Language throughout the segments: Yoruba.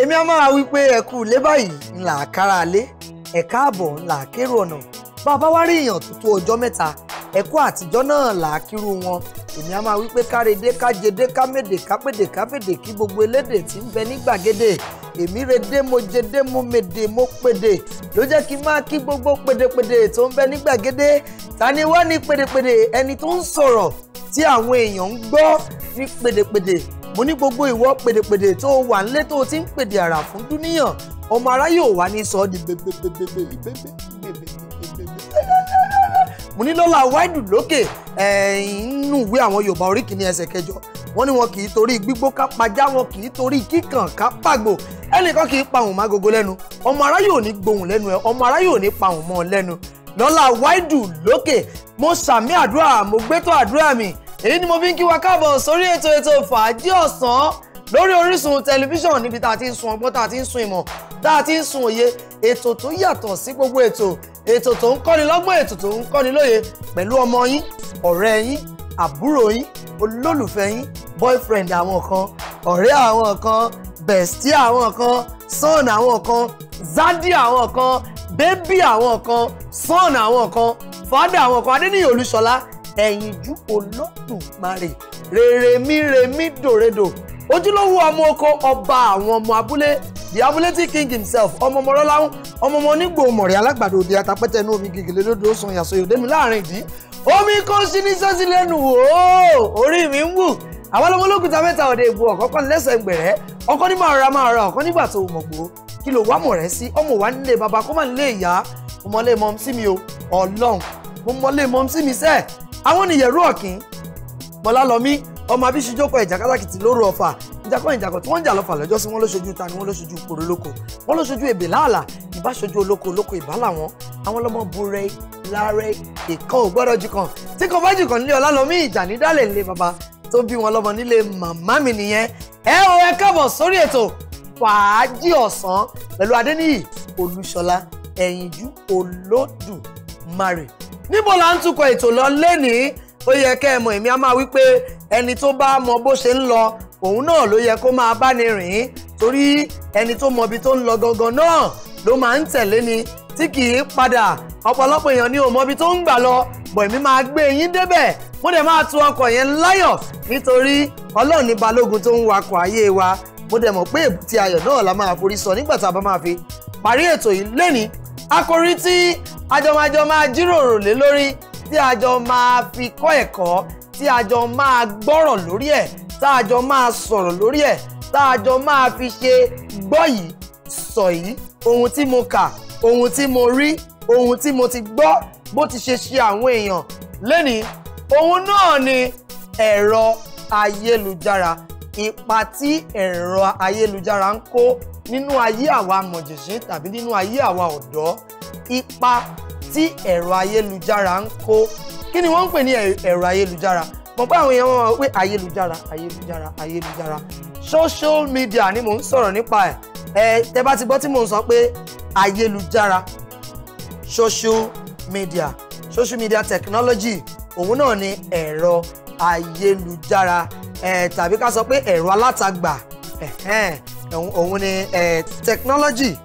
èmi á máa wí pé ẹ̀kú ilé báyìí ńlá àkàrà alé ẹ̀ka àbọ̀ ńlá àkérò ọ̀nà bàbá wá rí èèyàn tó tó ọjọ́ mẹ́ta ẹ̀kú àtijọ́ náà là á kírú wọn èmi á máa wí pé kárede kájede kámèdè kápèdè káfèdè kí gbogbo elédè tí ń bẹ ní gbàgede èmi redé mo jedé mo mèdè mo pèdè ló jẹ́ kí n máa kí gbogbo pèdèpèdè tó ń bẹ ní gbàgede ta ni wá ní pèdèpèdè ẹni tó ń sọ̀rọ̀ tí àwọn èèyàn ń gbọ́ ní pèdèpèdè mo ní gbogbo ìwọ pèdèpèdè tó wà nílé tó ti ń pèdè àrà fún dúníyàn ọmọ aráyé ò wá ní sọ di bèbèbèbèbè bèbèbèbèbè mo ní lọ́la wáìdù lókè nínú ìwé àwọn Yorùbá orí kìíní ẹsẹ̀ kẹjọ wọ́n ní wọn kì í torí gbígbó ká pajá wọn kì í torí kíkàn ká pàgbò ẹnìkan kì í pa òun má gogo lẹ́nu ọmọ aráyé ò ní gbohùn lẹ́nu ẹ ọmọ aráyé ò ní pa òun mọ́ lẹ́nu lọ́lá wáìdù lókè mo sàmì àdúrà mo gbẹ́tọ̀ àdúrà mi èyí ni mo fi ń kí wa káàbọ̀ sórí ètò ètò fàájì ọ̀sán lórí Orísun tẹlifíṣàn níbi tá a ti ń sun ọgbọ́n tá a ti ń sun ìmọ̀ tá a ti ń sun òye ètò tó yàtọ̀ sí gbogbo ètò ètò tó ń kọ́ni lọ́gbọ́n ètò tó ń kọ́ni lóye pẹ̀lú ọmọ yín ọ̀rẹ́ yín àbúrò yín olólùfẹ́ yín boyfriend àwọn kan ọ̀rẹ́ àwọn kan Bestia, àwọn kan son àwọn kan zadi àwọn kan bébí àwọn kan son àwọn kan fada àwọn kan adéníyè olúṣọlá ẹ̀yìnjú olódùmarè rèrèmí rèmí dòredò ojúlówó ọmọ oko ọba àwọn ọmọ abúlé the abúlétí king himself ọmọ ọmọ ọlọ́láhùn ọmọ ọmọ onígbò mọ̀rẹ́ alágbàdo òde atapẹ́tẹ́ inú omi gègèlè lódò sọ̀yàsọ̀yọ̀ dénú láàrin ìdí omi kò sí ní sẹ́sílẹ̀ nù ó orí mi ń wù àwọn ọmọ ológun ta mẹ́ta ọ̀dẹ ìbò ọ̀kọ́kọ́ lẹ́sẹ̀ gbẹ̀rẹ́ ọkọ́ ní máa ra máa ra ọ̀kan nígbà tó mọ̀ gbó kí ló wá mọ̀ rẹ́ sí ọmọ wa nílé bàbá kó má nílé ìyá mo mọ̀lé mọ́ sí mi o ọlọ́run mo mọ̀lé mọ́ sí mi sẹ́ẹ̀ àwọn nìyẹ̀rú ọ̀kín bọ́lá lọ mí ọmọ abíṣijókọ̀ ìjà kátàkìtì lóru ọ̀fà ìjàkọ̀ ìjàkọ̀ tí wọ́n ń jà lọ́fà lọ́jọ́ sí wọ́n ló ṣojú ta ni wọ́n ló ṣojú ìpòrò lóko wọ́n ló ṣojú èbè láàlà ìbáṣojú olóko olóko ìbá làwọn àwọn ọlọ́mọ bure láre ìkan ò gbọ́dọ̀ jù kan tí kò bá jù kan nílé ọlá lọ mí ìjà ní dálẹ̀ nílé baba tó bí wọn lọ́mọ nílé màmá mi nìyẹn ẹ o ẹ káàbọ̀ sórí ètò fàájì ọ̀sán pẹ̀lú adéníyì olúṣọlá ẹ̀yìnjú olódùmarè níbo la ń tukọ̀ ètò lọ lẹ́nìí ó yẹ kẹ́ ẹ mọ̀ èmi á máa wí pé ẹni tó bá mọ bó ṣe ń lọ òun náà ló yẹ kó máa bá ni rìn torí ẹni tó mọ tó ń lọ gangan náà ló máa ń tẹ̀lé ni tí kì í padà ọ̀pọ̀lọpọ̀ èèyàn ni ò mọ ibi tó ń gbà lọ bọ̀ èmi máa gbé yín débẹ̀ mo dẹ̀ máa tu ọkọ̀ yẹn láyọ̀ nítorí ọlọ́run ní balógun tó ń wakọ̀ ayé wa mo dẹ̀ mọ̀ pé èbúté ayọ̀ náà la máa forí sọ nígbà tá a bá máa fi parí ètò yìí lẹ́ni àkòrí tí àjọmájọ máa jíròrò lé lórí tí àjọ máa fi kọ́ ẹ̀kọ́ tí àjọ máa gbọ́rọ̀ lórí ẹ̀ tá àjọ máa sọ̀rọ̀ lórí ẹ̀ tá àjọ máa fi ṣe gbọ́ yìí sọ yìí ohun tí mo kà ohun tí mo rí ohun tí mo ti gbọ́ bó ti ṣe ṣe àwọn èèyàn lẹ́ni ohun náà ni ẹ̀rọ ayélujára ipa tí ẹ̀rọ ayélujára ń kó nínú ayé àwa mọ̀jẹ̀sín tàbí nínú ayé àwa ọ̀dọ́ ipa tí ẹ̀rọ ayélujára ń kó kí ni wọ́n ń pè ní ẹ̀rọ ayélujára mọ̀ pé àwọn èèyàn wọn wọ́n pé ayélujára ayélujára ayélujára social media ni mò ń sọ̀rọ̀ nípa ẹ̀ ẹ tẹ bá ti gbọ́ tí mò ń sọ pé ayélujára social media social media technology òun náà ni ẹ̀rọ ayélujára ẹ tàbí ká sọ pé ẹ̀rọ alátagbà òun ni technology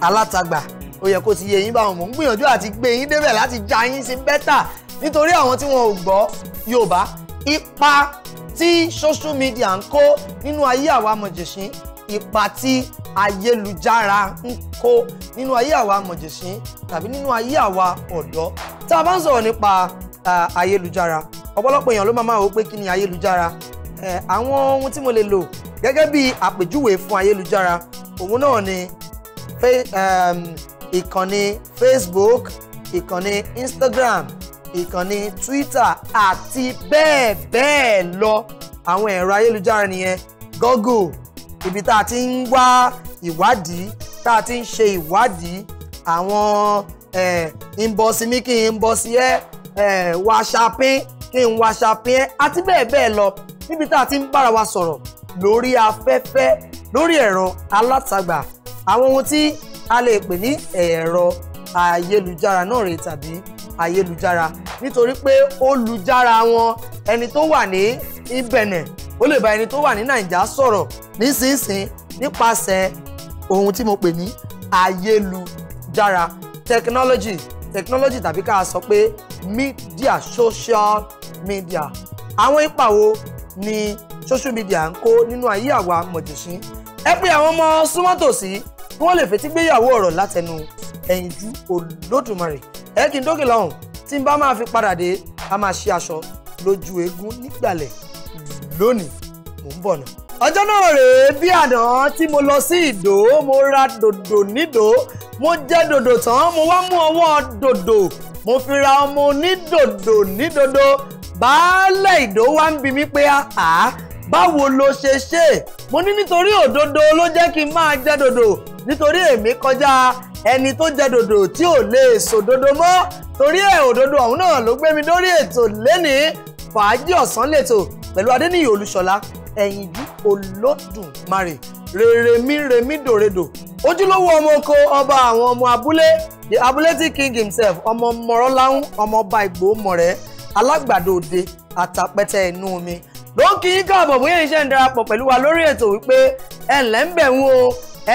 alátagbà ó yẹ kó ti yé yín báwọn mò ń gbìyànjú àti gbé yín débẹ̀ láti já yín sí bẹ́tà nítorí àwọn tí wọn ò gbọ́ Yorùbá ipa tí social media ń kó nínú ayé àwa mọ̀jẹ̀sín ipa tí ayélujára ń kó nínú ayé àwa mọ̀jẹ̀sín tàbí nínú ayé àwa ọ̀dọ́ tá a bá ń sọ̀rọ̀ nípa ayélujára ọ̀pọ̀lọpọ̀ èèyàn ló máa máa wò pé kí ni ayélujára àwọn ohun tí mo lè lò gẹ́gẹ́ bí àpèjúwe fún ayélujára òun náà ni ìkànnì Facebook ìkànnì Instagram ìkànnì Twitter àti bẹ́ẹ̀ bẹ́ẹ̀ lọ àwọn ẹ̀rọ ayélujára nìyẹn Google ibi tá a ti ń wá ìwádìí tá a ti ń ṣe ìwádìí àwọn ìbọ̀sí mi kí n bọ̀sí ẹ́ wàṣàpín kí n wàṣàpín ẹ́ àti bẹ́ẹ̀ bẹ́ẹ̀ lọ níbi tá a ti ń bára wa sọ̀rọ̀ lórí afẹ́fẹ́ lórí ẹ̀rọ alátagbà àwọn ohun tí a lè pè ní ẹ̀rọ ayélujára náà rèé tàbí ayélujára nítorí pé olùjára wọn ẹni tó wà ní ìbẹ̀nẹ̀ ó lè bá ẹni tó wà ní nàìjà sọ̀rọ̀ nísinsìnyí nípasẹ̀ ohun tí mo pè ní ayélujára technologies technology tàbí ká sọ pé media social media àwọn ipa wo ni social media ń kó nínú ayé àwa mọ̀jọ̀sìn ẹ pé àwọn ọmọ súnmọ́tòsí kí wọ́n lè fetí gbéyàwó ọ̀rọ̀ látẹnu ẹ̀yìnjú olódùmarè ẹ kì í dókè lọ́hùn tí n bá máa fi padà dé a máa ṣe aṣọ lójú eégún nígbàlẹ̀ lónìí mò ń bọ̀ náà ọjọ́ náà rèé bí àná tí mo lọ sí ìdó mo ra dòdò nídò mo jẹ dòdò tán mo wá mú ọwọ́ dòdò mo fi ra ọmọ onídòdò nídòdò baálẹ̀ ìdó wá ń bi mí pé àá báwo ló ṣe ṣe mo ní nítorí òdodo ló jẹ́ kí n máa jẹ dòdò nítorí èmi kọjá ẹni tó jẹ dòdò tí ò lè sòdodo mọ́ torí ẹ̀ òdodo ọ̀hún náà ló gbé mi dórí ètò lẹ́nìí fàájì ọ̀sán lẹ́tò pẹ̀lú Adéníyì Olúṣọlá ẹ̀yìnjú olódùmarè rèrèmí rèmí dòredò ojúlówó ọmọ oko ọba àwọn ọmọ abúlé the abúlétí king himself ọmọ mọ̀rọ́láhùn ọmọ ọba ìgbò mọ̀rẹ́ alágbàdo òde àtàpẹ́tẹ́ inú omi ló ń kí yín káàbọ̀ bóyá iṣẹ́ ń darapọ̀ pẹ̀lú wa lórí ètò wípé ẹ ǹlẹ́ ń bẹ̀ ń o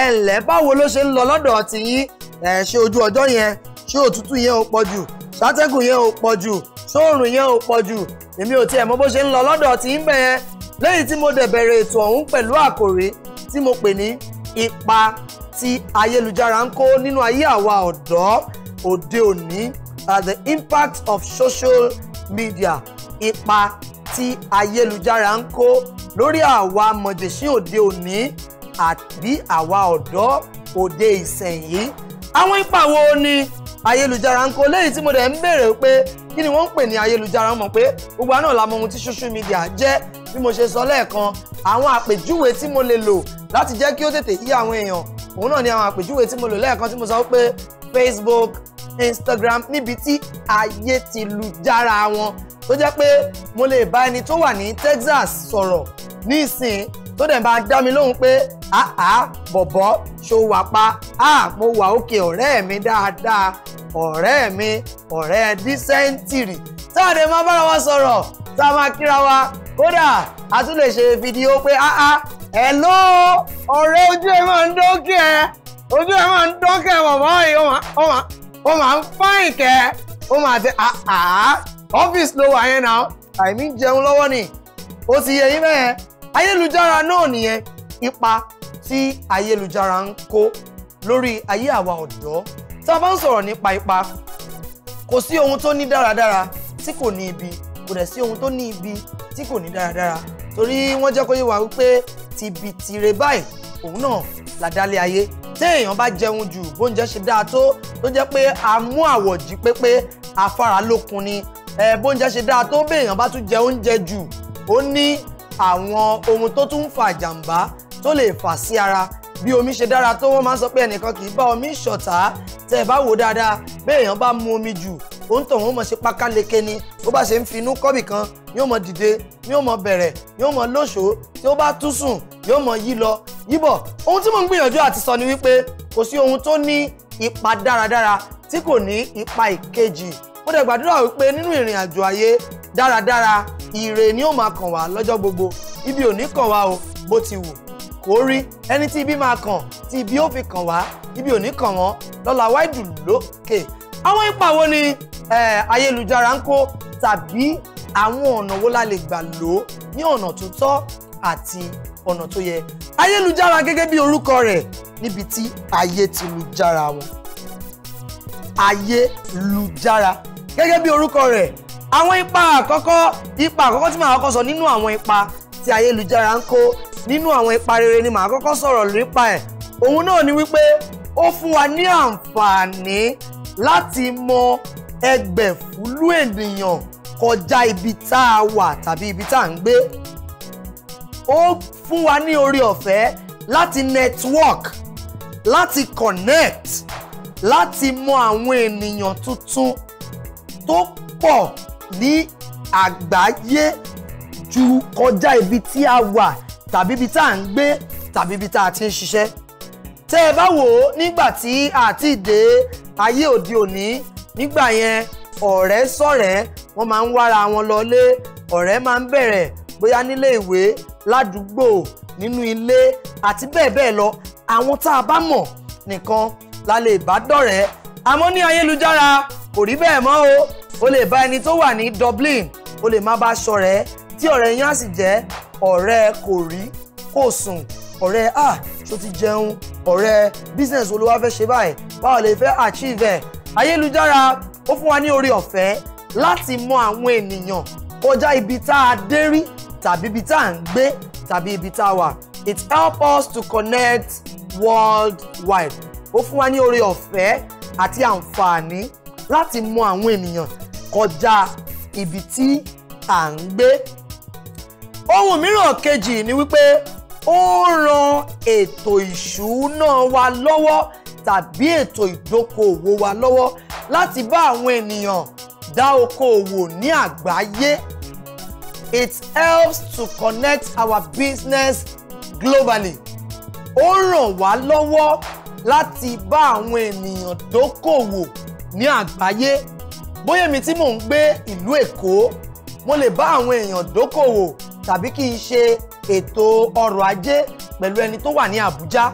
ẹ ǹlẹ́ báwo ló ṣe ń lọ lọ́dọ̀ ti yín ẹ ṣe ojú ọjọ́ yẹn ṣé òtútù yẹn ò pọ̀ jù ṣátẹ́gùn yẹn ò pọ̀ jù sóòrùn yẹn ò pọ̀ jù èmi ò tiẹ̀ mọ bó ṣe ń lọ lọ́dọ̀ ti yín bẹ̀ yẹn lẹ́yìn tí mo dẹ̀ bẹ̀rẹ̀ ètò ọ̀hún pẹ̀lú àkòrí tí mo pè ní ipa tí ayélujára ń kó nínú ayé àwa ọ̀dọ́ òde òní uh, the impact of social media ipa tí ayélujára ń kó lórí àwa mọ̀jẹ̀sín òde òní àbí àwa ọ̀dọ́ òde ìsẹ̀yìn àwọn ipa wo ni ayélujára ń kó léyìí tí mo dẹ̀ ń béèrè pé kí ni wọ́n ń pè ní ayélujára mọ̀ pé gbogbo àná la mọ ohun tí social media jẹ́ bí mo ṣe sọ lẹ́ẹ̀kan àwọn àpèjúwe tí mo lè lò láti jẹ́ kí ó tètè yí àwọn èèyàn òun náà ni àwọn àpèjúwe tí mo lò lẹ́ẹ̀kan tí mo sọ pé Facebook Instagram níbi tí ayé ti lu jára wọn tó jẹ́ pé mo lè bá ẹni tó wà ní Texas sọ̀rọ̀ nísìn tó dẹ̀ bá dá mi lóhùn pé àá ah, ah, bọ̀bọ̀ ṣó wà pa á ah, mo wà òkè ọ̀rẹ́ mi dáadáa ọ̀rẹ́ mi ọ̀rẹ́ dísẹ́ńtìrì tá a lè máa bára wa sọ̀rọ̀ tá a máa kíra wa kódà a tún lè ṣe fídíò pé áá hello ọ̀rẹ́ ojú ẹ̀ máa ń dókè ẹ̀ ojú ẹ̀ máa ń dókè ẹ̀ bọ̀bọ̀ yìí ó máa ń fáìn kẹ́ ẹ̀ ó máa ti áá ọ́fíìsì ló wà yẹn náà àìmí jẹun lọ́wọ́ ni ó ti yẹ yín bẹ́ẹ̀ ayélujára náà nìyẹn ipa tí ayélujára ń kó lórí ayé àwa ọ̀dọ́ tá a bá ń sọ̀rọ̀ nípa ipa kò sí ohun tó ní dáradára tí kò ní ibi kò dẹ̀ sí ohun tó ní ibi tí kò ní dáradára torí wọ́n jẹ́ kó yé wa wípé tìbí tìrẹ báyìí òun náà làdálé ayé téèyàn bá jẹun jù bóúnjẹ ṣe dáa tó tó jẹ́ pé a mú àwọ̀ jí pépé afáralókun ni bóúnjẹ ṣe dáa tó béèyàn bá tún jẹ oúnjẹ jù ó ní àwọn ohun tó tún ń fa jàǹbá tó lè fà sí ara bí omi ṣe dára tó wọ́n máa ń sọ pé ẹnìkan kì í bá omi ṣọ̀tá tẹ́ ẹ bá wò dáadáa bẹ́ẹ̀ èèyàn bá mu omi jù òun tàn wọ́n mọ̀ ṣe pákáleke ni bó bá ṣe ń finú kọ́bì kan yóò mọ dìde yóò mọ bẹ̀rẹ̀ yóò mọ lóṣòó tí ó bá tún sùn yóò mọ yí lọ yíbọ̀ ohun tí mò ń gbìyànjú àti sọ ni wípé kò sí ohun tó ní ipa dáradára tí kò ní ipa ìkejì mo dẹ̀ gbàdúrà wípé nínú ìrìn àjò ayé dáradára ire ni ó máa kàn wá lọ́jọ́ gbogbo ibi ò ní kàn wá o bó ti wù kó rí ẹni tí ibi máa kàn tí ibi ó fi kàn wá ibi ò kàn wọ́n lọ́la wáìdù lókè àwọn ipa wo ni ayélujára ń kó tàbí àwọn ọ̀nà wo la lè gbà lò ó ní ọ̀nà tó tọ́ àti ọ̀nà tó yẹ ayélujára gẹ́gẹ́ bí orúkọ rẹ̀ níbi tí ayé ti lu jára wọn ayélujára gẹ́gẹ́ bí orúkọ rẹ̀ àwọn ipa àkọ́kọ́ ipa àkọ́kọ́ tí màá kọ́kọ́ sọ nínú àwọn ipa tí ayélujára ń kó nínú àwọn ipa rere ni màá kọ́kọ́ sọ̀rọ̀ nípa ẹ̀ òun náà ni wípé ó fún wa ní àǹfààní láti mọ ẹgbẹ̀fúlú ènìyàn kọjá ibi tá a wà tàbí ibi tá a ń gbé ó fún wa ní orí ọ̀fẹ́ láti network láti connect láti mọ àwọn ènìyàn tuntun tó pọ̀ ní àgbáyé ju kọjá ibi tí a wà tàbí ibi tá à ń gbé tàbí ibi tá a ti ń ṣiṣẹ́. tẹ́ ẹ bá wò ó nígbà tí a ti dé ayé òde òní nígbà yẹn ọ̀rẹ́ sọ̀rẹ́ wọ́n máa ń wára wọn lọlé ọ̀rẹ́ máa ń bẹ̀rẹ̀ bóyá nílé ìwé ládùúgbò nínú ilé àti bẹ́ẹ̀ bẹ́ẹ̀ lọ àwọn tá a bá mọ̀ nìkan la lè bá dọ̀rẹ́ àmọ́ ní ayélujára kò rí bẹ́ẹ̀ mọ́ o o lè bá ẹni tó wà ní Dublin o lè má bá ṣọ̀rẹ́ tí ọ̀rẹ́ yín á sì jẹ́ ọ̀rẹ́ kò rí kò sùn ọ̀rẹ́ à tó ti jẹun ọ̀rẹ́ business olówó fẹ́ ṣe báyìí báwo lè fẹ́ achieve ẹ̀ ayélujára ó fún wa ní orí ọ̀fẹ́ láti mọ àwọn ènìyàn kọjá ibi tá a dé rí tàbí ibi tá à ń gbé tàbí ibi tá a wà it help us to connect worldwide ó fún wa ní orí ọ̀fẹ́ àti àǹfààní láti mọ àwọn ènìyàn kọjá ibi tí à ń gbé. ohun mìíràn kejì ni wípé ó ń ètò ìṣúná wa lọ́wọ́ tàbí ètò ìdókòòwò wa lọ́wọ́ láti bá àwọn ènìyàn dá okòòwò ní àgbáyé. It helps to connect our business globally. Ó ràn wá lọ́wọ́ láti bá àwọn ènìyàn dókòwò ní àgbáyé bóyá èmi tí mò ń gbé ìlú Èkó mo lè bá àwọn èèyàn dókòwò tàbí kí n ṣe ètò ọrọ̀ ajé pẹ̀lú ẹni tó wà ní Àbújá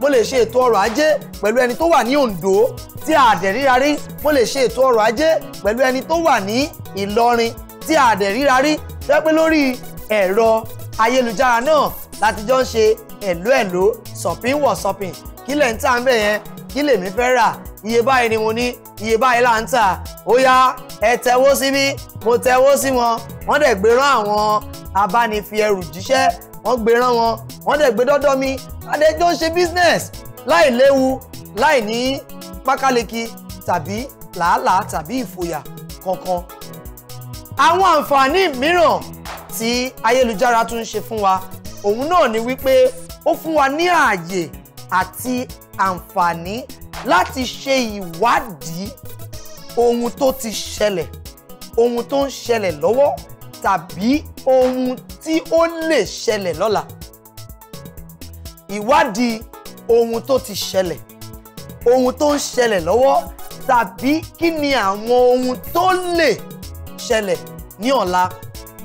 mo lè ṣe ètò ọrọ̀ ajé pẹ̀lú ẹni tó wà ní Oǹdó tí a dẹ̀ ríra rí mo lè ṣe ètò ọrọ̀ ajé pẹ̀lú ẹni tó wà ní Ìlọrin tí a dẹ̀ ríra rí lórí ẹ̀rọ ayélujára náà láti jọ ń ṣe ẹ̀lò ẹ̀lò sọ̀pìn wọ̀ sọ̀pìn kílẹ̀ ń tà ń bẹ̀ yẹn kí lèmi fẹ́ rà iye báyìí ni mo ní iye báyìí là ń tà ó yá ẹ tẹwó síbí mo tẹwó sí wọn wọ́n dẹ̀ gbé rán àwọn abánifi jíṣẹ́ wọ́n gbé rán wọn wọ́n dẹ̀ gbé dọ́dọ̀ mi adéjọ́ ṣe business láì léwu láì ní pákáleke tàbí làálàá tàbí ìfòyà kankan. àwọn àǹfààní mìíràn tí ayélujára tún ń ṣe fún wa òun náà ni wípé ó fún wa ní ààyè àti àǹfààní láti ṣe ìwádìí ohun tó ti ṣẹlẹ̀ ohun tó ń ṣẹlẹ̀ lọ́wọ́ tàbí ohun tí ó lè ṣẹlẹ̀ lọ́la ìwádìí ohun tó ti ṣẹlẹ̀ ohun tó ń ṣẹlẹ̀ lọ́wọ́ tàbí kí ni àwọn ohun tó lè ṣẹlẹ̀ ní ọ̀la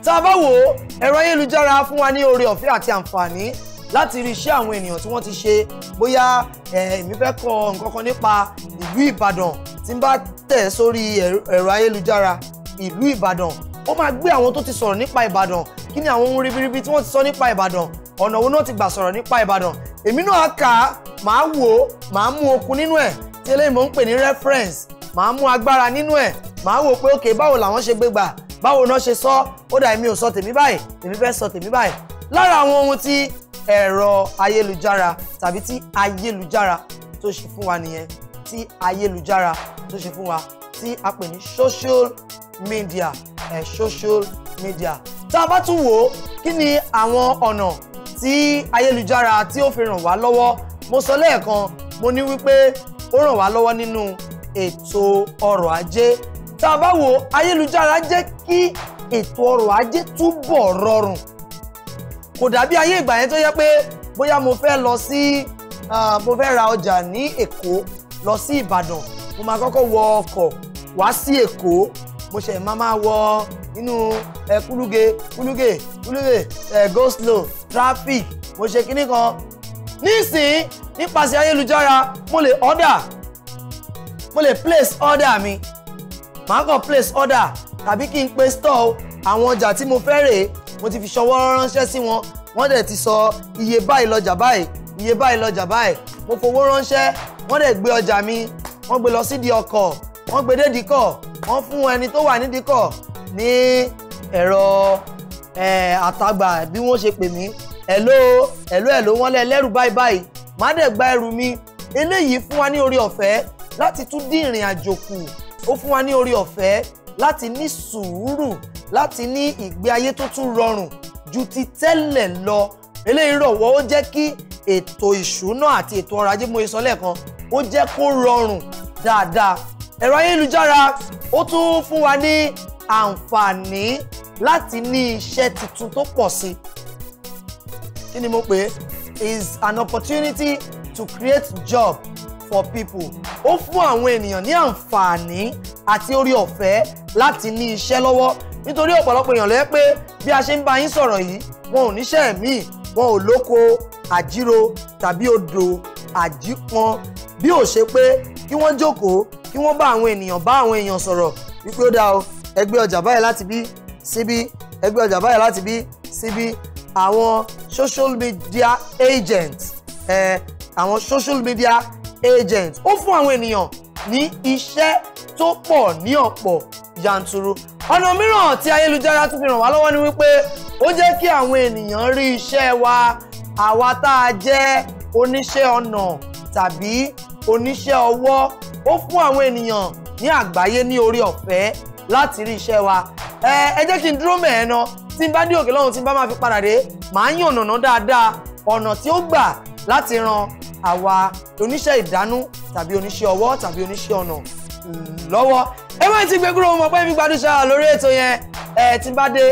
tá a bá wò ó ẹ̀rọ ayélujára fún wa ní oore ọ̀fẹ́ àti àǹfààní láti rí iṣẹ́ àwọn ènìyàn tí wọ́n ti ṣe bóyá èmi fẹ́ kọ nǹkan kan nípa ìlú Ìbàdàn tí n bá tẹ̀ sórí ẹ̀rọ ayélujára ìlú Ìbàdàn ó máa gbé àwọn tó ti sọ̀rọ̀ nípa Ìbàdàn kí ni àwọn ohun ribiribi tí wọ́n ti sọ nípa Ìbàdàn ọ̀nà wo náà ti gbà sọ̀rọ̀ nípa Ìbàdàn èmi náà kà á màá wò ó màá mú okun nínú ẹ̀ tí eléyìí mò ń pè ní reference màá mú agbára nínú ẹ̀ màá wò pé ok báwo làwọn ṣe gbégbà báwo náà ṣe sọ ó dà èmi ò sọ tèmi báyìí èmi fẹ́ sọ tèmi báyìí lára àwọn ohun tí ẹ̀rọ ayélujára tàbí tí ayélujára tó ṣe fún wa nìyẹn tí ayélujára tó ṣe fún wa tí a pè ní social media ẹ̀ eh, social media tá a bá tún wò ó kí ni àwọn ọ̀nà tí ayélujára tí ó fi ràn wá lọ́wọ́ mo sọ lẹ́ẹ̀kan mo ní wípé ó ràn wá lọ́wọ́ nínú ètò ọrọ̀ ajé tá a bá wò ayélujára jẹ́ kí ètò ọrọ̀ ajé túbọ̀ rọrùn kò dàbí ayé ìgbà yẹn tó yẹ pé bóyá mo fẹ́ lọ sí mo fẹ́ ra ọjà ní èkó lọ sí ìbàdàn mo máa kọ́kọ́ wọ ọkọ̀ wá sí èkó mo ṣe máa máa wọ inú kúlúge kúlúge kúlúge go slow traffic mo ṣe kinní kan nísìnyí nípasẹ̀ ayélujára mo lè order mo lè place order mi màá kàn place order tàbí kí n pe store àwọn ọjà tí mo fẹ́ rèé mo ti fi ṣọwọ́ ránṣẹ́ sí wọn wọ́n dẹ̀ ti sọ iye báyìí lọ́jà báyìí iye báyìí lọ́jà báyìí mo fowó ránṣẹ́ wọ́n dẹ̀ gbé ọjà mi wọ́n gbé lọ sídìí ọkọ̀ wọ́n gbé dédìí kọ̀ wọ́n fún ẹni tó wà nídìí kọ̀ ní ẹ̀rọ àtagbà bí wọ́n ṣe pè mí ẹ̀ló ẹ̀ló ẹ̀ló wọ́n lẹ́ báyìí báyìí màá dẹ̀ gba ẹrù mi eléyìí fún wa ní orí ọ̀fẹ́ láti tún dín ìrìn àjò kù ó fún wa ní orí ọ̀fẹ́ láti ní sùúrù láti ní ìgbé ayé tó tún rọrùn ju ti tẹ́lẹ̀ lọ eléyìí rọ̀wọ́ ó jẹ́ kí ètò ìṣúná àti ètò ọrọ̀ ajé mo sọ lẹ́ẹ̀kan ó jẹ́ kó rọrùn dáadáa ẹ̀rọ ayélujára ó tún fún wa ní àǹfààní láti ní iṣẹ́ tuntun tó pọ̀ sí kí ni mo pè is an opportunity to create job for people ó fún àwọn ènìyàn ní àǹfààní àti orí ọ̀fẹ́ láti ní iṣẹ́ lọ́wọ́ nítorí ọ̀pọ̀lọpọ̀ èèyàn ló pé bí a ṣe ń bá yín sọ̀rọ̀ yìí wọn ò níṣẹ́ míì wọn ò lóko àjírò tàbí odò àjípọn bí ò ṣe pé kí wọ́n jókòó kí wọ́n bá àwọn ènìyàn bá àwọn èèyàn sọ̀rọ̀ wípé ó dáa o ẹgbẹ́ ọjà báyìí láti bí síbí ẹgbẹ́ ọjà báyìí láti bí síbí àwọn social media agents Eh, àwọn social media agent ó fún àwọn ènìyàn ní iṣẹ́ tó pọ̀ ní ọ̀pọ̀ yanturu ọ̀nà mìíràn tí ayélujára tún fi ràn wá lọ́wọ́ ni wípé ó jẹ́ kí àwọn ènìyàn rí iṣẹ́ wa àwa tá a jẹ́ oníṣẹ́ ọnà tàbí oníṣẹ́ ọwọ́ ó fún àwọn ènìyàn ní àgbáyé ní orí ọ̀fẹ́ láti rí iṣẹ́ wa ẹ jẹ́ kí n dúró mẹ́ẹ̀ẹ́nà tí n bá dé òkè lọ́hùn tí n bá máa fi padà dé màá yàn ọ̀nà dáadáa ọ̀nà tí ó gbà láti ran àwa oníṣẹ́ ìdánú tàbí oníṣẹ́ ọwọ́ tàbí oníṣẹ́ ọnà lọ́wọ́ ẹ má ti gbé kúrò mọ̀ pé mi gbádùn ṣáà lórí ètò yẹn ẹ ti bá dé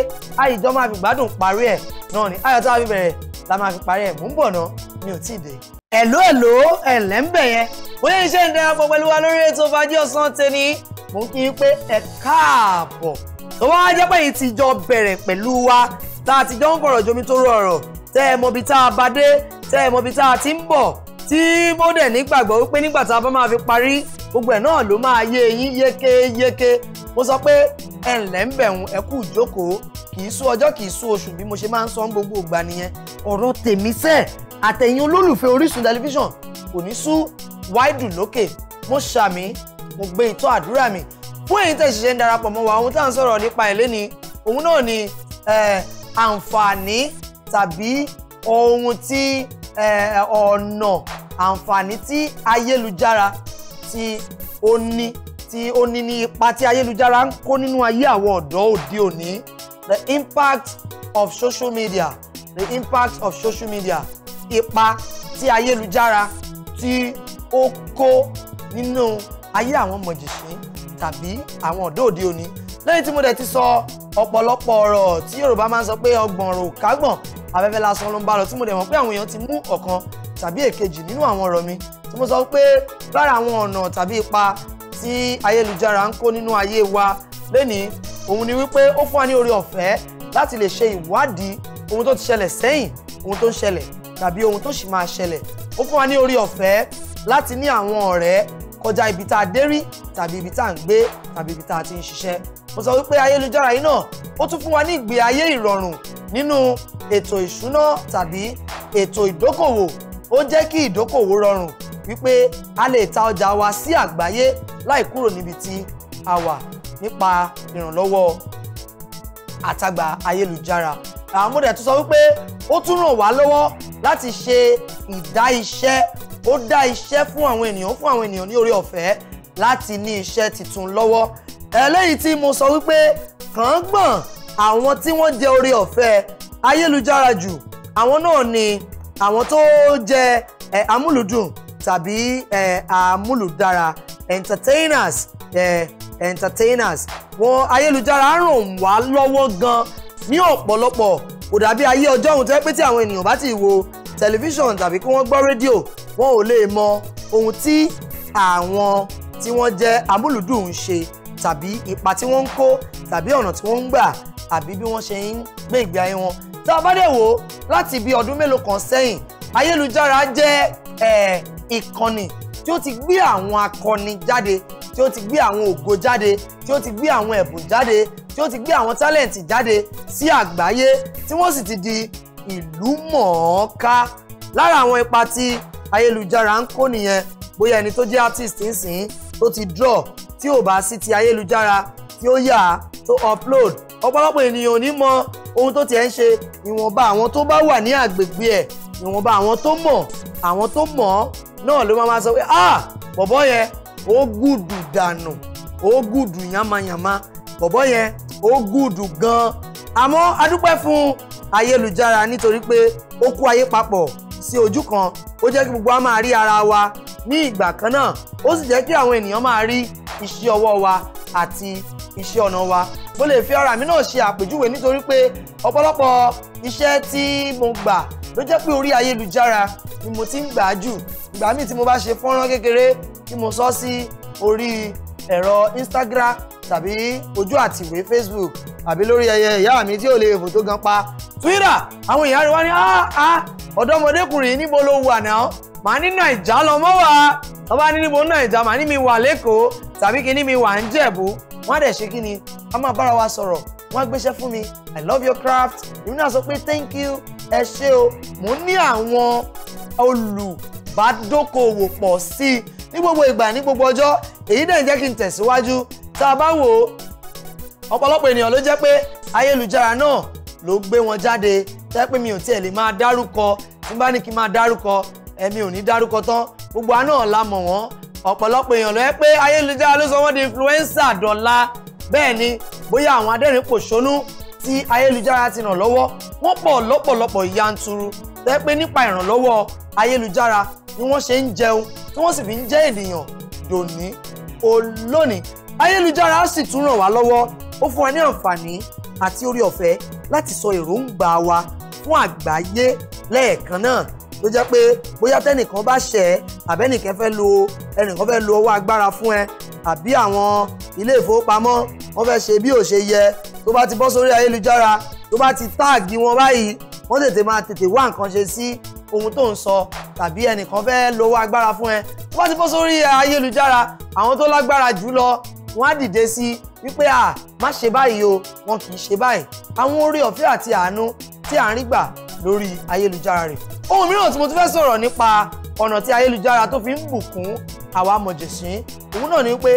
àyíjọ́ máa fi gbádùn parí ẹ̀ náà ni ayọ̀ tá a fi bẹ̀rẹ̀ la máa fi parí ẹ̀ mú ń bọ̀ ná mi ò tí ì dé. ẹ̀ló ẹ̀ló ẹ̀lẹ́ ń bẹ̀ yẹn bóyá iṣẹ́ ń darapọ̀ pẹ̀lú wa lórí ètò fàájì ọ̀sán tẹni mo kí i pé ẹ káàbọ̀ tó wá jẹ́ pé yìí ti jọ bẹ̀rẹ̀ pẹ̀lú wa tá a ti jọ ń fọ̀rọ̀ jomi tó tẹ́ ẹ mọ ibi tá a bá dé tẹ́ ẹ mọ ibi tá a ti ń bọ̀ tí ó dẹ̀ nígbàgbọ́ wípé nígbà tá a bá máa fi parí gbogbo ẹ̀ náà ló máa yé eyín yékéyéké mo sọ pé ẹ ǹlẹ́ ń bẹ̀rùn ẹ kú ìjókòó kì í sú ọjọ́ kì í sú oṣù bí mo ṣe máa ń sọ ń gbogbo ìgbà nìyẹn ọ̀rọ̀ tèmi sẹ́ àtẹ̀yìn olólùfẹ́ Orísun tẹlifíṣàn kò ní sú wáìdù lókè mo ṣàmì mo gbé ìtọ́ àdúrà mi fún èyí tẹ̀ ṣiṣẹ́ ń darapọ̀ mọ́ wa ohun tá à ń sọ̀rọ̀ nípa ẹ̀ lẹ́ni òun náà ni àǹfààní tàbí ohun tí ọ̀nà àǹfààní tí ayélujára tí ó ní tí ó ní ní ipa tí ayélujára ń kó nínú ayé àwọn ọ̀dọ́ òde òní the impact of social media the impact of social media ipa tí ayélujára tí ó kó nínú ayé àwọn mọ̀jìṣín tàbí àwọn ọ̀dọ́ òde òní lẹ́yìn tí mo dẹ̀ ti sọ ọ̀pọ̀lọpọ̀ ọ̀rọ̀ tí yorùbá máa ń sọ pé ọgbọ̀n rò kágbọ̀n afẹ́fẹ́ lásán ló ń bá lọ tí mo dẹ̀ mọ̀ pé àwọn èèyàn ti mú ọ̀kan tàbí èkejì nínú àwọn ọ̀rọ̀ mi tí mo sọ pé lára àwọn ọ̀nà tàbí ipa tí ayélujára ń kó nínú ayé wa lénìí òun ni wípé ó fún wa ní oore ọ̀fẹ́ láti lè ṣe ìwádìí ohun tó ti ṣẹlẹ̀ sẹ́yìn ohun tó ń ṣẹlẹ̀ tàbí ohun tó sì máa ṣẹlẹ̀ ó fún wa ní oore ọ̀fẹ́ láti ní àwọn ọ̀rẹ́ kọjá ibi tá a dé tàbí ibi tá a ń gbé tàbí ibi tá a ti ń ṣiṣẹ́ mo sọ wípé ayélujára yìí náà ó tún fún wa ní ìgbé ayé ìrọ̀rùn nínú ètò ìṣúná tàbí ètò ìdókòwò ó jẹ́ kí ìdókòwò rọrùn wípé a lè ta ọjà wa sí àgbáyé láì kúrò níbi tí a wà nípa ìrànlọ́wọ́ àtagbà ayélujára àwọn mọ̀dẹ̀ tún sọ wípé ó tún ràn wá lọ́wọ́ láti ṣe ìdá iṣẹ́ ó dá iṣẹ́ fún àwọn ènìyàn fún àwọn ènìyàn ní orí ọ̀fẹ́ láti ní iṣẹ́ titun lọ́wọ́ eléyìí tí mo sọ wípé kàn gbọ̀n àwọn tí wọ́n jẹ orí ọ̀fẹ́ ayélujára jù àwọn náà ni àwọn tó jẹ amúlùdùn tàbí amúlùdára entertainers ẹ entertainers wọn ayélujára ràn wá lọ́wọ́ gan ní ọ̀pọ̀lọpọ̀ kò dàbí ayé ọjọ́ òun tó yẹ pé tí àwọn ènìyàn bá ti wo tẹlifíṣàn tàbí kí wọ́n gbọ́ rédíò wọn ò lè mọ ohun tí àwọn tí wọ́n jẹ́ amúlùdùn ń ṣe tàbí ipa tí wọ́n ń kó tàbí ọ̀nà tí wọ́n ń gbà àbí bí wọ́n ṣe ń gbé ìgbé ayé wọn tá a bá dẹ̀ wò láti bí ọdún mélòó kan sẹ́yìn ayélujára jẹ́ ìkànnì tí ó ti gbé àwọn akọni jáde tí ó ti gbé àwọn ògo jáde tí ó ti gbé àwọn ẹ̀bùn jáde tí ó ti gbé àwọn tálẹ̀ǹtì jáde sí àgbáyé tí wọ́n sì ti di ìlú mọ̀ọ́ká lára àwọn ipa tí ayélujára ń kó nìyẹn bóyá ẹni tó jẹ́ artist ń sìn tó ti draw tí ò bá sí ti ayélujára tí ó yà á tó upload ọ̀pọ̀lọpọ̀ ènìyàn ò ní mọ ohun tó tiẹ̀ ń ṣe ìwọ̀nba àwọn tó bá wà ní àgbègbè ẹ̀ ìwọ̀nba àwọn tó mọ̀ àwọn tó mọ̀ ọ́ náà ló máa sọ pé ah bọ̀bọ́ yẹn ó gùdù dànù ó gùdù yàmáyàmá bọ̀bọ́ yẹn ó gùdù gan-an àmọ́ adúpẹ́ fún ayélujára nítorí pé ó kó ayé papọ̀ sí ojú kan ó jẹ́ kí gbogbo wa máa rí ara wa ní ìgbà kan náà ó sì jẹ́ kí àwọn ènìyàn máa rí iṣẹ́ ọwọ́ wa àti iṣẹ́ ọ̀nà wa mo lè fi ara mi náà ṣe àpèjúwe nítorí pé ọ̀pọ̀lọpọ̀ iṣẹ́ tí mo gbà ló jẹ́ pé orí ayélujára ni mo ti ń gbà jù ìgbà míì tí mo bá ṣe fọ́nrán kékeré tí mo sọ sí orí ẹ̀rọ Instagram tàbí ojú àtìwé Facebook àbí lórí ẹyẹ ìyá mi tí ò lè fòtó gan pa Twitter àwọn èèyàn rẹ wá ní áá ah, ah, ọ̀dọ́mọdékùnrin níbo ló wà náà màá ní nàìjà lọmọ wa tó bá ní níbo nàìjà màá ní mi wà lẹ́kọ̀ọ́ tàbí kí ní mi wà ń jẹ̀bú wọ́n á dẹ̀ ṣe kí ni a máa bára wa sọ̀rọ̀ wọ́n á gbéṣẹ́ fún mi i love your craft èmi náà sọ pé thank you ẹ ṣé o mò ń ní àwọn olùbádókòwò pọ̀ sí i ní gbogbo ìgbà ní gbogbo ọjọ́ èyí dẹ̀ ń jẹ́ kí n tẹ̀síwájú tá a bá wò ó ọ̀pọ̀lọpọ̀ ènìyàn ló jẹ́ pé ayélujára náà ló gbé wọn jáde tẹ́ pé mi ò tiẹ̀ lè máa dárúkọ tí bá ní kí n máa dárúkọ èmi ò ní dárúkọ tán gbogbo àná la mọ̀ wọ́n ọ̀pọ̀lọpọ̀ èèyàn ló yẹ pé ayélujára ló sọ wọ́n di influencer dọ̀la bẹ́ẹ̀ ni bóyá àwọn adẹ́rìn pòṣónú tí ayélujára ti ràn lọ́wọ́ wọ́n pọ̀ lọ́pọ̀lọpọ̀ yanturu tẹ́ pé nípa ìrànlọ́wọ́ ayélujára ni wọ́n ṣe ń jẹun tí wọ́n sì fi ń jẹ́ ènìyàn dòní olónìí ayélujára sì tún ràn wá lọ́wọ́ ó fún wa ní àǹfààní àti orí ọ̀fẹ́ láti sọ èròǹgbà wa fún àgbáyé lẹ́ẹ̀kan náà ló jẹ́ pé bóyá tẹ́nìkan bá ṣẹ̀ àbẹ́nìkan fẹ́ lo ẹnìkan fẹ́ lo ọwọ́ agbára fún ẹ àbí àwọn ilé ìfowópamọ́ wọ́n fẹ́ ṣe bí ò ṣe yẹ tó bá ti bọ́ sórí ayélujára tó bá ti táàgì wọn báyìí wọ́n tètè máa tètè wá nǹkan ṣe sí ohun tó ń sọ tàbí ẹnìkan fẹ́ lo ọwọ́ agbára fún ẹ tó bá ti bọ́ sórí ayélujára àwọn tó lágbára jù lọ wọ́n á dìde sí wípé à má ṣe báyìí o wọn kì í ṣe báyìí àwọn oore ọ̀fẹ́ àti àánú tí à ń rí gbà lórí ayélujára rẹ̀. ohun mìíràn tí mo tún fẹ́ sọ̀rọ̀ nípa ọ̀nà tí ayélujára tó fi ń bùkún àwa mọ̀jẹ̀sín òun náà ni pé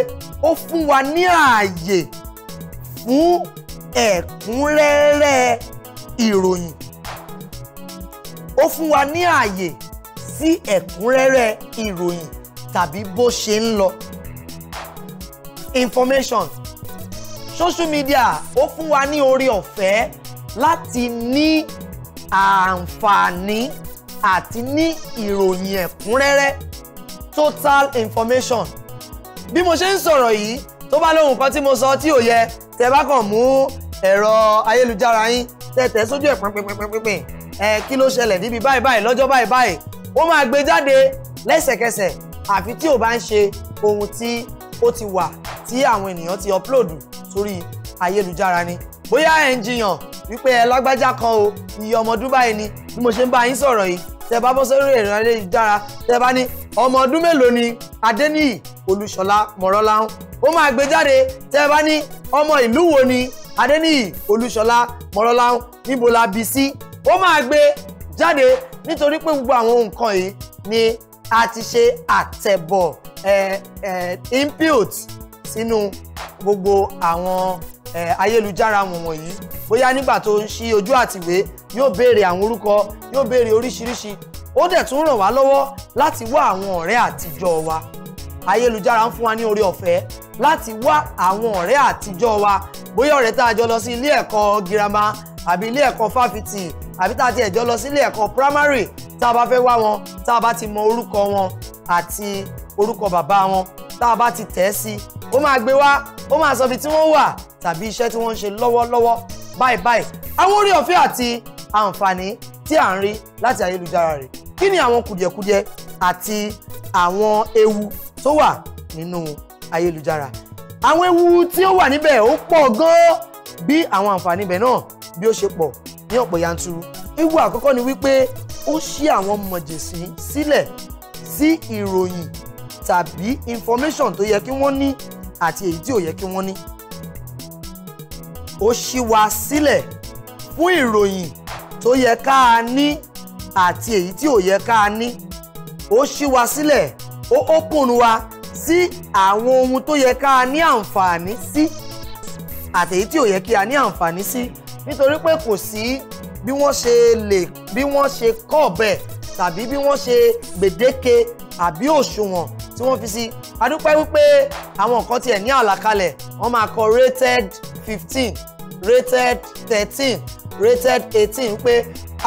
ó fún wa ní ààyè fún ẹ̀kúnrẹ́rẹ́ ìròyìn ó fún wa ní ààyè sí ẹ̀kúnrẹ́rẹ́ ìròyìn tàbí bó ṣe ń lọ information social media ó fún wa ní oore ọ̀fẹ́ láti ní àǹfààní àti ní ìròyìn ẹ̀kúnrẹ́rẹ́ total information bí mo ṣe ń sọ̀rọ̀ yìí tó bá lóhùn kan tí mo sọ tí ò yẹ tẹ bá kàn mú ẹ̀rọ ayélujára yín tẹ̀tẹ̀ sójú ẹ̀ pínpínpínpínpín ẹ kí ló ṣẹlẹ̀ níbi báyìí báyìí lọ́jọ́ báyìí báyìí ó máa gbé jáde lẹ́sẹ̀kẹsẹ̀ àfi tí ò bá ń ṣe ohun tí ó ti wà tí àwọn ènìyàn ti upload sórí ayélujára ni bóyá ẹ̀ ń jiyàn wípé ẹ lágbájá kan o iye ọmọ ọdún ni bí mo ṣe ń bá yín sọ̀rọ̀ yìí tẹ bá bọ́ sórí ẹ̀rọ ayélujára tẹ bá ní ọmọ ọdún mélòó ni Adéníyì Olúṣọlá Mọ̀rọ́láhùn ó máa gbé jáde tẹ bá ní ọmọ ìlú wo ni Adéníyì Olúṣọlá Mọ̀rọ́láhùn níbo la bí sí ó máa gbé jáde nítorí pé gbogbo àwọn nǹkan yìí ni a ti ṣe àtẹ̀bọ̀ input sínú gbogbo àwọn ayélujára wọ̀nyí bóyá nígbà tó ń ṣí ojú àtìwé yóò béèrè àwọn orúkọ yóò béèrè oríṣiríṣi ó dẹ̀ tún ràn wá lọ́wọ́ láti wá àwọn ọ̀rẹ́ àtijọ́ wa ayélujára ń fún wa ní orí ọ̀fẹ́ láti wá àwọn ọ̀rẹ́ àtijọ́ wa bóyá ọ̀rẹ́ tá a jọ lọ sí ilé ẹ̀kọ́ girama àbí ilé ẹ̀kọ́ fáfitì àbí tá a ti ẹ̀jọ́ lọ sí ilé ẹ̀kọ́ primary tá a bá fẹ́ wá wọn tá a bá ti mọ orúkọ wọn àti orúkọ bàbá wọn tá a bá ti tẹ̀ ẹ́ sí ó máa gbé wá ó máa sọ ibi tí wọ́n wà tàbí iṣẹ́ tí wọ́n ń ṣe lọ́wọ́lọ́wọ́ báyìí báyìí àwọn orí ọ̀fẹ́ àti àǹfààní tí à ń rí láti ayélujára rẹ̀ kí ni àwọn kùdìẹ̀kudiẹ àti àwọn ewu tó wà nínú ayélujára àwọn ewu tí ó wà níbẹ̀ ó pọ̀ gan-an bí àwọn àǹfààní ibẹ̀ náà bí ó ṣe pọ̀ ní ọ̀pọ̀ yanturu ewu àkọ́kọ́ ni wípé ó ṣí àwọn mọ̀jẹ̀sín sílẹ̀ sí ìròyìn tàbí information tó yẹ kí wọ́n ní àti èyí tí ò yẹ kí wọ́n ní ó ṣí wa sílẹ̀ fún ìròyìn tó yẹ ká a ní àti èyí tí ò yẹ ká a ní ó ṣí wa sílẹ̀ ó ópùn wa sí àwọn ohun tó yẹ ká a ní àǹfààní sí àti tí ò yẹ kí a ní àǹfààní sí. Si nítorí pé kò sí bí wọ́n ṣe lè bí wọ́n ṣe kọ́ ọ̀bẹ tàbí bí wọ́n ṣe gbèdéke àbí òṣùwọ̀n tí wọ́n fi sí adúpẹ́ wípé àwọn nǹkan tiẹ̀ ní àlàkalẹ̀ wọ́n máa kọ rated fifteen rated thirteen rated eighteen pé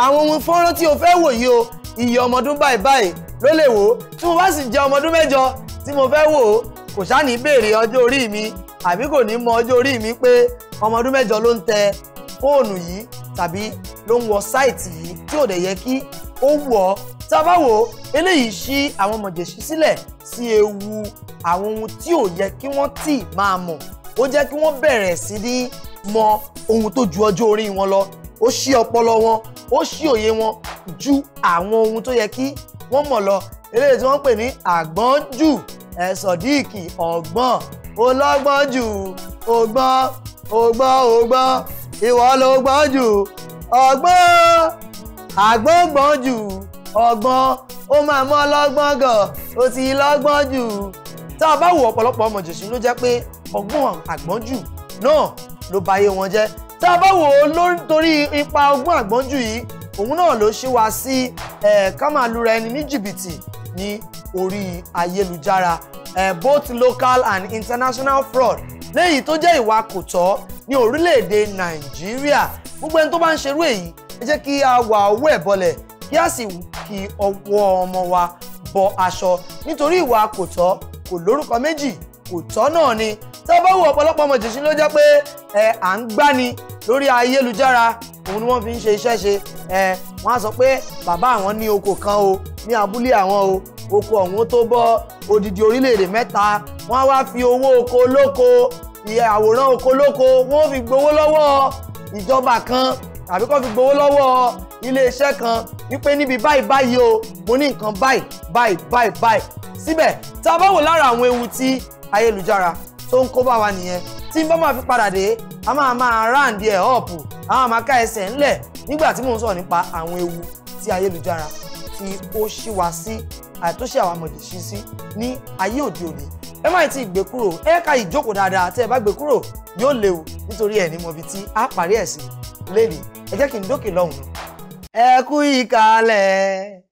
àwọn ohun fọ́nrán tí o fẹ́ wò yìí o iye ọmọdún báyìí báyìí ló lè wò ó tí mo bá sì jẹ́ ọmọdún mẹ́jọ tí mo fẹ́ wò ó kò ṣáà ní béèrè ọjọ́ orí mi àbí kò ní mọ ọjọ́ orí mi pé ọmọdún mẹ́jọ ló ń tẹ fóònù yìí tàbí ló ń wọ sáìtì yìí tí ò dẹ̀ yẹ kí ó wọ̀ ọ́ tá a bá wò ó eléyìí ṣí àwọn mọ̀jẹ̀sí sílẹ̀ sí ewu àwọn ohun tí ò yẹ kí wọ́n tì máa mọ̀ ó jẹ́ kí wọ́n bẹ̀rẹ̀ sí ní mọ ohun tó ju ọjọ́ orí wọn lọ ó ṣí ọpọlọ wọn ó ṣí òye wọn ju àwọn ohun tó yẹ kí wọ́n mọ̀ lọ eléyìí tí wọ́n pè ní àgbọ́njù ẹ̀sọ̀díìkì ọ̀gbọ́n ọlọ́gbọ́njù ọgbọ́n ọgbọ́n ọgbọ́n ìwọ ló gbọ́n jù ọgbọ́n àgbọ́n gbọ́n jù ọgbọ́n ó máa mọ́ lọ́gbọ́n gàn ó ti lọ́gbọ́n jù tá a bá wo ọ̀pọ̀lọpọ̀ ọmọ jòṣì ló jẹ́ pé ọgbọ́n àgbọ́n jù náà ló bà ayé wọn jẹ́ tá a bá wò ó torí ipa ọgbọ́n àgbọ́n jù yìí òun náà ló ṣe wá sí ká máa lura ẹni ní jìbìtì ní orí ayélujára both local and international fraud léyìí tó jẹ́ ìwà kò tọ́ ní orílẹ̀-èdè nàìjíríà gbogbo ẹni tó bá ń ṣerú èyí ẹ jẹ́ kí a wà owó ẹ̀ bọlẹ̀ kí a sì kí ọwọ́ ọmọ wa bọ aṣọ nítorí ìwà kò tọ́ kò lórúkọ méjì kò tọ́ náà ni tá a bá wo ọ̀pọ̀lọpọ̀ ọmọ jìṣin ló jẹ́ pé ẹ à ń gbani lórí ayélujára òun ni wọ́n fi ń ṣe iṣẹ́ ṣe ẹ wọ́n á sọ pé bàbá àwọn ní oko kan o ní abúlé àwọn o oko ọ̀hún tó bọ́ odidi orílẹ̀-èdè mẹ́ta wọ́n á wá fi owó oko lóko àwòrán okoloko wọ́n fi gbowó lọ́wọ́ ìjọba kan tàbí kó fi gbowó lọ́wọ́ iléeṣẹ́ kan wípé níbi báyìí báyìí o mo ní nǹkan báyìí báyìí báyìí báyìí síbẹ̀ tá a bá wò lára àwọn ewu tí ayélujára tó ń kó bá wa nìyẹn tí n bá máa fi padà dé a máa máa ráǹdì ẹ̀ ọ̀pù àwọn àmàká ẹsẹ̀ ńlẹ̀ nígbà tí mò ń sọ̀rọ̀ nípa àwọn ewu tí ayélujára tí ó ṣí wa sí àti tó ṣe àwọn àmọ̀dì ṣí sí ní ayé òde òní ẹ má ti gbé kúrò ẹ ká ìjókòó dáadáa tẹ́ ẹ bá gbé kúrò yóò léwu nítorí ẹ̀ ní mọ̀bi tí a parí ẹ̀ sí lẹ́nìí ẹ jẹ́ kí n dókè lọ́hùn-ún ẹ kú ìkàlẹ̀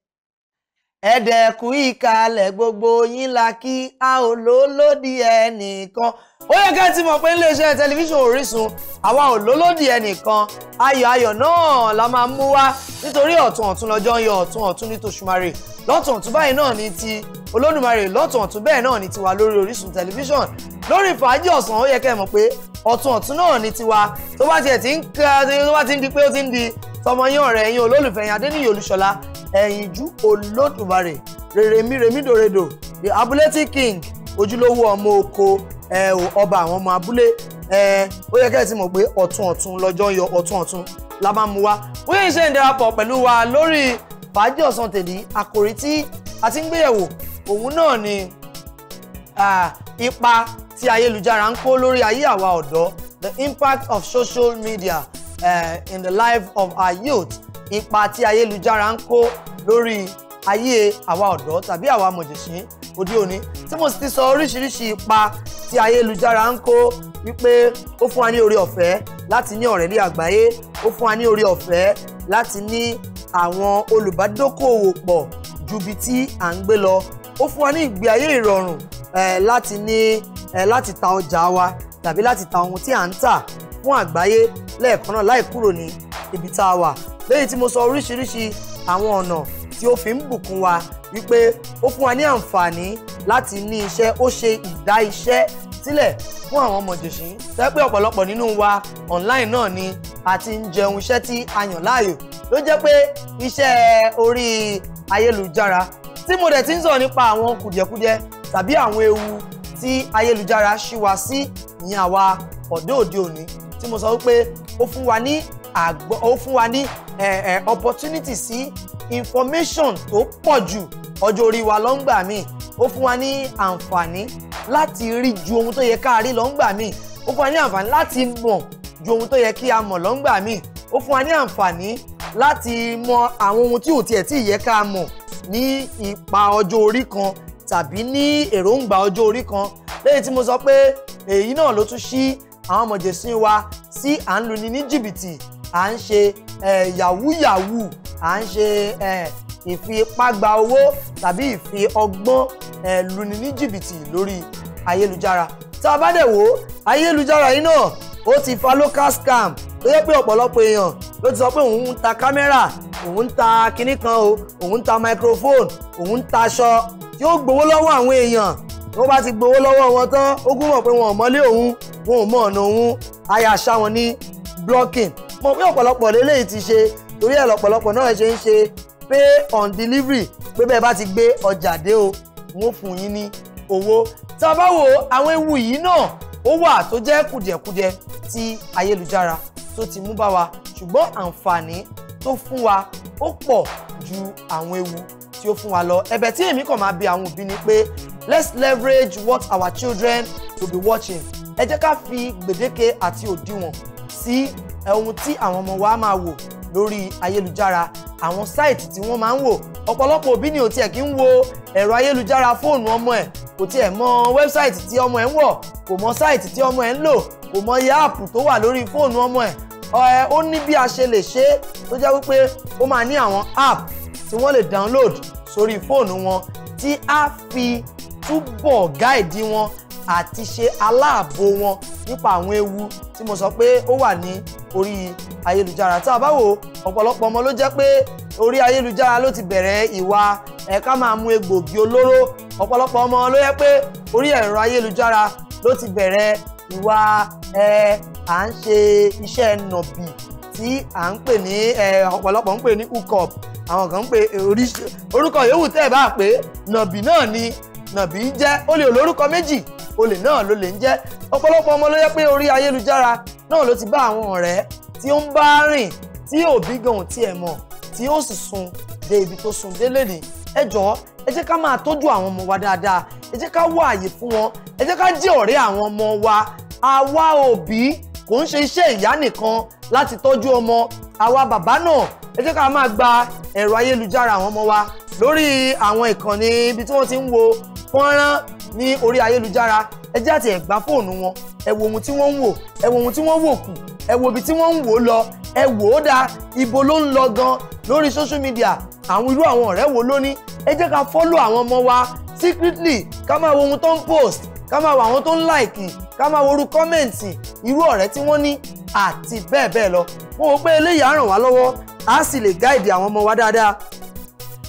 ẹ̀dẹ̀kù ìkàlẹ̀ gbogbo yín la kí a ò lò lódì ẹnìkan ó yẹ ká ti mọ̀ pé iléeṣẹ́ tẹlifíṣàn Orísun àwa ò lò lódì ẹnìkan ayọ̀ ayọ̀ náà la máa mú wá nítorí ọ̀tún ọ̀tún lọ́jọ́ ń yọ ọ̀tún ọ̀tún ní tòṣùmarè lọ́tún ọ̀tún báyìí náà ní ti olódùmarè lọ́tún ọ̀tún bẹ́ẹ̀ náà ní tiwa lórí Orísun tẹlifíṣàn lórí fàájì ọ̀sán ó yẹ ká mọ̀ pé ọ̀tún ọ̀tún náà ní tiwa tó bá tiẹ̀ ti ń di pé ó ti ń di tọmọ yín ọ̀rẹ́ yín olólùfẹ́ yín Adéníyì Olúṣọlá ẹ̀yinjú olódùmarè rèrèmí rèmídòrèdò the abúlétí king ojúlówó ọmọ oko ọba àwọn ọmọ abúlé ó yẹ kẹ́ẹ̀ ti mọ̀ pé ọ̀tún ọ̀tún lọ́jọ́ yọ ọ̀tún ọ̀tún la máa mú wa bóyá ìṣe ìdárapọ̀ pẹ̀lú wa lórí fàájì ọ̀sán tèdí àkòrí tí a ti ń gbéyẹ̀wò òun náà ni ipa tí ayélujára ń kó lórí ayé àwa ọ̀dọ́ the impact of social media uh, in the life of our youth ipa tí ayélujára ń kó lórí ayé àwa ọ̀dọ́ tàbí àwa mọ̀jẹ̀sín òde òní tí mo sì ti sọ oríṣiríṣi ipa tí ayélujára ń kó wípé ó fún wa ní oore ọ̀fẹ́ láti ní ọ̀rẹ́ ní àgbáyé ó fún wa ní oore ọ̀fẹ́ láti ní àwọn olùbádókòwò pọ̀ ju ibi tí à ń gbé lọ ó fún wa ní ìgbé ayé ìrọ̀rùn eh, láti ní eh, láti ta ọjà wa tàbí láti ta ohun tí à ń tà fún àgbáyé lẹ́ẹ̀kan náà láì kúrò ní ibi tá a wà lẹ́yìn tí mo sọ oríṣiríṣi àwọn ọ̀nà tí ó fi ń bùkún wa wípé ó fún wa ní àǹfààní láti ní iṣẹ́ ó ṣe ìdá iṣẹ́ sílẹ̀ fún àwọn mọ̀jẹ̀sín tẹ́ pé ọ̀pọ̀lọpọ̀ nínú wa online náà ni a ti ń jẹun iṣẹ́ tí a yàn láàyò ló jẹ́ pé iṣẹ́ orí ayélujára tí mo dẹ̀ ti ń sọ̀rọ̀ nípa àwọn kùdìẹ̀kudiẹ tàbí àwọn ewu tí ayélujára ṣí sí ìyẹn ọ̀dọ́ òde òní tí mo sọ wípé ó fún wa ní àgbọ̀ ó fún wa ní opportunity sí information tó pọ̀ jù ọjọ́ orí wa ló ń gbà mí ó fún wa ní àǹfààní láti rí ju ohun tó yẹ ká rí ló ń gbà mí ó fún wa ní àǹfààní láti mọ̀ ju ohun tó yẹ kí a mọ̀ ló ń gbà mí ó fún wa ní àǹfààní láti mọ àwọn ohun tí ò tiẹ̀ tí yẹ ká mọ̀ ní ipa ọjọ́ orí kan tàbí ní èròǹgbà ọjọ́ orí kan lẹ́yìn tí mo sọ pé èyí náà ló tún ṣí àwọn mọ̀jẹ̀sìn wa sí à ń luni ní jìbìtì à ń ṣe yahoo yahoo à ń ṣe ìfipágba owó tàbí ìfi ọgbọ́n luni ní jìbìtì lórí ayélujára tá a bá dẹ̀ wò ayélujára yìí náà ó ti fa local scam tó yẹ pé ọ̀pọ̀lọpọ̀ èèyàn ló ti sọ pé òun ń ta kámẹ́rà òun ń ta kinní kan o òun ń ta microphone òun ń ta aṣọ tí ó gbowó lọ́wọ́ àwọn èèyàn tó bá ti gbowó lọ́wọ́ wọn tán ó gún mọ̀ pé wọn ò mọ́lé òun wọn ò mọ̀ ọ̀nà òun àyà àṣà wọn ní blocking mọ̀ pé ọ̀pọ̀lọpọ̀ lélẹ́yìí ti ṣe torí ẹ̀ lọ̀pọ̀lọpọ̀ náà ṣe ń ṣe pay on delivery pé bẹ́ẹ̀ bá ti gbé ọjà dé o wọ́n fún yín ní owó tá a bá wo àwọn ewu yìí náà ó wà tó jẹ́ kùdìẹ̀kudiẹ ti ayélujára tó ti mú bá wa ṣùgbọ́n àǹfààní tó fún wa ó pọ̀ ju àwọn ewu tí ó fún wa lọ ẹ̀bẹ̀ tí èmi kàn máa bi àwọn òbí ni pé let's leverage what our children will be watching ẹ jẹ́ ká fi gbèdéke àti òdiwọ̀n sí ohun tí àwọn ọmọ wa máa wò lórí ayélujára àwọn sáìtì tí wọ́n máa ń wò ọ̀pọ̀lọpọ̀ òbí ni ò tiẹ̀ kí ń wo ẹ̀rọ ayélujára fóònù ọmọ ẹ̀ kò tiẹ̀ mọ wẹ́bsáìtì tí ọmọ ẹ̀ ń wọ̀ kò mọ sáìtì tí ọmọ ẹ̀ ń lò kò mọ iye áàpù tó wà lórí fóònù ọmọ ẹ̀ ó ní bí a ṣe lè ṣe é tó jẹ́ wípé ó máa ní àwọn app tí wọ́n lè download sórí fóònù wọn tí á fi túbọ̀ gáìdì wọn àti ṣe aláàbò wọn nípa àwọn ewu tí mo sọ pé ó wà ní orí ayélujára tá a bá wò ọ̀pọ̀lọpọ̀ ọmọ ló jẹ́ pé orí ayélujára ló ti bẹ̀rẹ̀ ìwà ẹ̀ka máa mu egbògi olóró ọ̀pọ̀lọpọ̀ ọmọ ló yẹ pé orí ẹ̀rọ ayélujára ló ti bẹ̀rẹ̀ ìwà ẹ̀ à ń ṣe iṣẹ́ nọ̀bì tí à ń pè ní ọ̀pọ̀lọpọ̀ ń pè ní hookup àwọn kan ń pè orúkọ yòówù tẹ́ bá pé nọ̀bì náà ni nàbí ń jẹ́ olè olórúkọ méjì olè náà ló lè ń jẹ́ ọ̀pọ̀lọpọ̀ ọmọ ló yẹ pé orí ayélujára náà ló ti bá àwọn ọ̀rẹ́ tí ó ń bá rìn tí òbí gan ò tiẹ̀ mọ̀ tí ó sì sùn dé ibi tó sùn dé lónìí ẹ jọ̀ọ́ ẹ jẹ́ ká máa tọ́jú àwọn ọmọ wa dáadáa ẹ jẹ́ ká wá àyè fún wọn ẹ jẹ́ ká jẹ́ ọ̀rẹ́ àwọn ọmọ wa àwa òbí kò ń ṣe iṣẹ́ ìyá nìkan láti tọ́jú ọmọ àwa bàbá náà ẹ jẹ́ ká máa gba ẹ̀rọ ayélujára àwọn ọmọ wa lórí àwọn ìkànnì ibi tí wọ́n ti ń wo fọ́nrán ní orí ayélujára ẹ jẹ́ àti ẹ̀gbá fóònù wọn ẹ wo ohun tí wọ́n ń wò ẹ wo ohun tí wọ́n wò kù ẹ wo ibi tí wọ́n ń wò lọ ẹ wò ó dáa ibo ló ń lọ gan lórí social media àwọn irú àwọn ọ̀rẹ́ wo ló ní ẹ jẹ́ ká fọ́lọ̀ àwọn ọmọ wa secretly ká máa wo ohun tó ń post ká máa wo àwọn tó ń like ká máa wo orú kọ́mẹ̀ǹtì irú ọ̀rẹ́ tí wọ́n ní àti bẹ́ẹ̀ bẹ́ẹ̀ lọ mo wò pé eléyìí á ràn wá lọ́wọ́ á sì lè gáìdì àwọn ọmọ wa dáadáa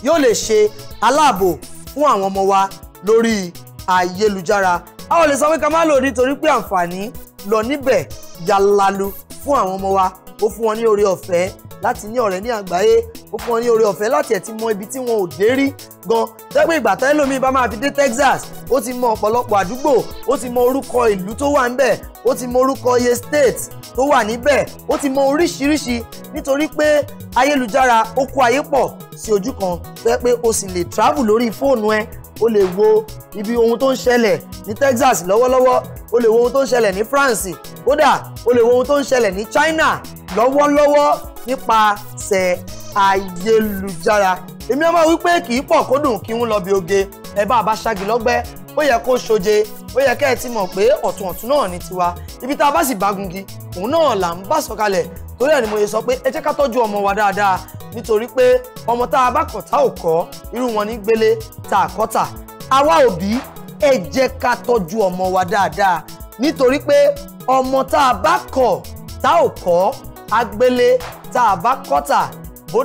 yóò lè ṣe aláàbò fún àwọn ọmọ wa lórí ayélujára a ò lè sọ pé ká má lò nítorí pé àǹfààní lọ níbẹ̀ yalalu fún àwọn ọmọ wa ó fún wọn ní oore ọ̀fẹ́ láti ní ọ̀rẹ́ ní àgbáyé ó fún wọn ní oore ọ̀fẹ́ láti ẹ̀ ti mọ ibi tí wọn ò dé rí gan tẹ́gbẹ́ ìgbà tẹ́lẹ̀ lómi bá máa fi dé Texas ó ti mọ ọ̀pọ̀lọpọ̀ àdúgbò ó ti mọ orúkọ ìlú tó wà níbẹ̀ ó ti mọ orúkọ iye state tó wà níbẹ̀ ó ti mọ oríṣiríṣi nítorí pé ayélujára ó kó ayé pọ̀ sí ojú kan tó yẹ pé o sì lè travel lórí fóònù ẹ o lè wo ibi ohun tó ń ṣẹlẹ̀ ní Texas lọ́wọ́lọ́wọ́ o lè wo ohun tó ń ṣẹlẹ̀ ní France kódà o lè wo ohun tó ń ṣẹlẹ̀ ní China lọ́wọ́lọ́wọ́ nípasẹ̀ ayélujára èmi ọmọ wípé kì í pọ̀ kó dùn kí ń lọ bí oge ẹ bá a bá ṣagi lọ́gbẹ́ ó yẹ kó ṣoje ó yẹ kẹ́ ẹ ti mọ̀ pé ọ̀tún ọ̀tún náà ní tiwa ibi tá a bá sì bá gungi òun náà là ń bá sọ̀kalẹ̀ torí ẹ̀ ni mo yẹ sọ pé ẹ jẹ́ ká tọ́jú ọmọ wa dáadáa nítorí pé ọmọ tá a bá kọ̀ tá ò kọ́ irú wọn ní gbélé tá a kọ́ tà àwa òbí ẹ jẹ́ ká tọ́jú ọmọ wa dáadáa nítorí pé ọmọ tá a bá kọ̀ tá ò kọ́ agbélé tá a bá kọ́ tà bó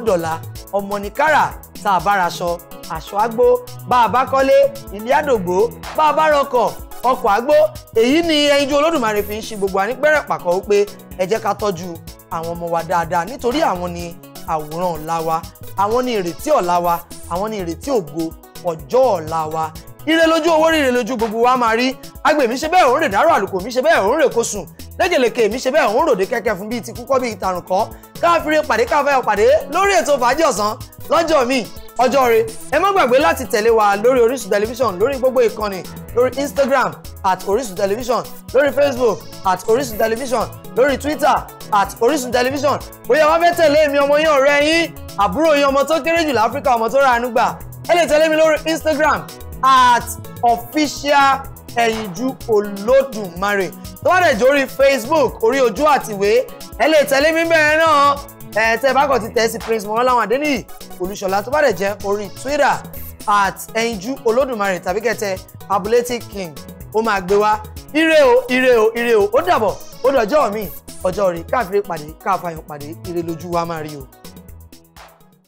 ọmọ ní kárà tá a bá raṣọ aṣọ àgbó bá a bá kọ́lé ilé àdògbò bá a bá rọkọ̀ ọkọ̀ àgbó èyí ni ẹyinjú olódùmarè fi ń ṣe gbogbo ànípẹ̀rẹ̀ pàkọ́ wípé ẹ jẹ́ ká tọ́jú àwọn ọmọ wa dáadáa nítorí àwọn ni àwòrán ọ̀la wa àwọn ni ìrètí ọ̀la wa àwọn ni ìrètí ògo ọjọ́ ọ̀la wa ire lójú owó rí ire lójú gbogbo wa máa rí agbe mi ṣe bẹ́ẹ̀ òun rè dárò àlùkò mi ṣe bẹ́ẹ̀ òun rè kó sùn lẹ́jẹ̀lẹ̀kẹ̀ mi ṣe bẹ́ẹ̀ òun ròde kẹ́kẹ́ fún bíi ti kúkọ́ bíi ìtàrùn kọ́ káfíńrè pàdé káfẹ́ pàdé lórí ètò fàájì ọ̀sán lọ́jọ́ mi ọjọ́ rẹ ẹ má gbàgbé láti tẹ̀lé wa lori Orísun tẹlifíṣàn lori gbogbo ìkànnì lórí Instagram at Orísun television lori Facebook at Orísun television lori Twitter at Orísun tẹlifíṣàn bóyá wá fẹ́ tẹ̀lé mi omo yín ọ̀rẹ́ yín àbúrò yín ọmọ tó kéré jù láfíríkà ọmọ tó rà ánú gbà ẹ mi lori Instagram at official ẹ̀yinjú olódùmarè tó bá dẹ̀ jẹ́ orí facebook orí ojú àtìwé ẹ lè tẹ̀lé mi bẹ́ẹ̀ náà ẹ tẹ́ bá kàn ti tẹ̀ sí prince mọ́láwọn adéníyì olúṣọlá tó bá dẹ̀ jẹ́ orí twitter at ẹ̀yinjú olódùmarè tàbí kẹtẹ abúlétic king ó máa gbé wá ire o ire o ire o ó dàbọ̀ ó dọjọ́ mi ọjọ́ rí káfíńpàdé káfáyọ̀ pàdé ire lójú wa máa rí o.